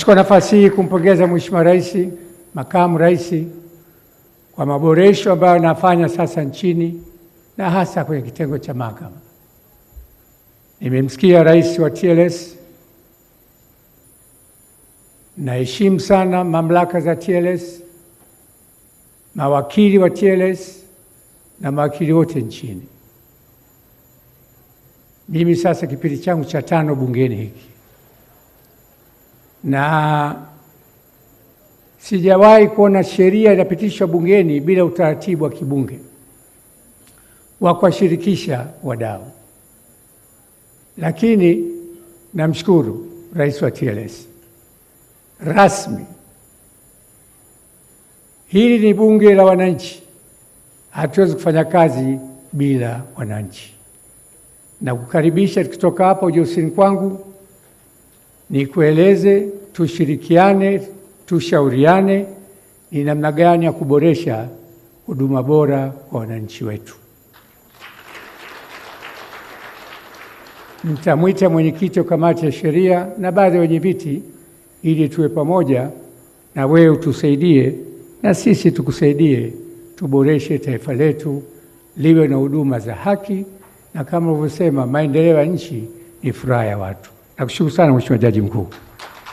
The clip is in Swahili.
Chukua nafasi hii kumpongeza Mheshimiwa Rais, Makamu Rais kwa maboresho ambayo anafanya sasa nchini na hasa kwenye kitengo cha mahakama. Nimemsikia Rais wa TLS. Naheshimu sana mamlaka za TLS, mawakili wa TLS na mawakili wote nchini. Mimi sasa kipindi changu cha tano bungeni hiki na sijawahi kuona sheria inapitishwa bungeni bila utaratibu wa kibunge wa kuwashirikisha wadau. Lakini namshukuru rais wa TLS rasmi, hili ni bunge la wananchi, hatuwezi kufanya kazi bila wananchi, na kukaribisha tukitoka hapa ujeusini kwangu nikueleze, tushirikiane, tushauriane ni namna gani ya kuboresha huduma bora kwa wananchi wetu. Nitamwita mwenyekiti wa kamati ya sheria na baadhi ya wenyeviti ili tuwe pamoja na wewe utusaidie na sisi tukusaidie, tuboreshe taifa letu liwe na huduma za haki, na kama ulivyosema, maendeleo ya nchi ni furaha ya watu. 修伞为什么这么辛苦？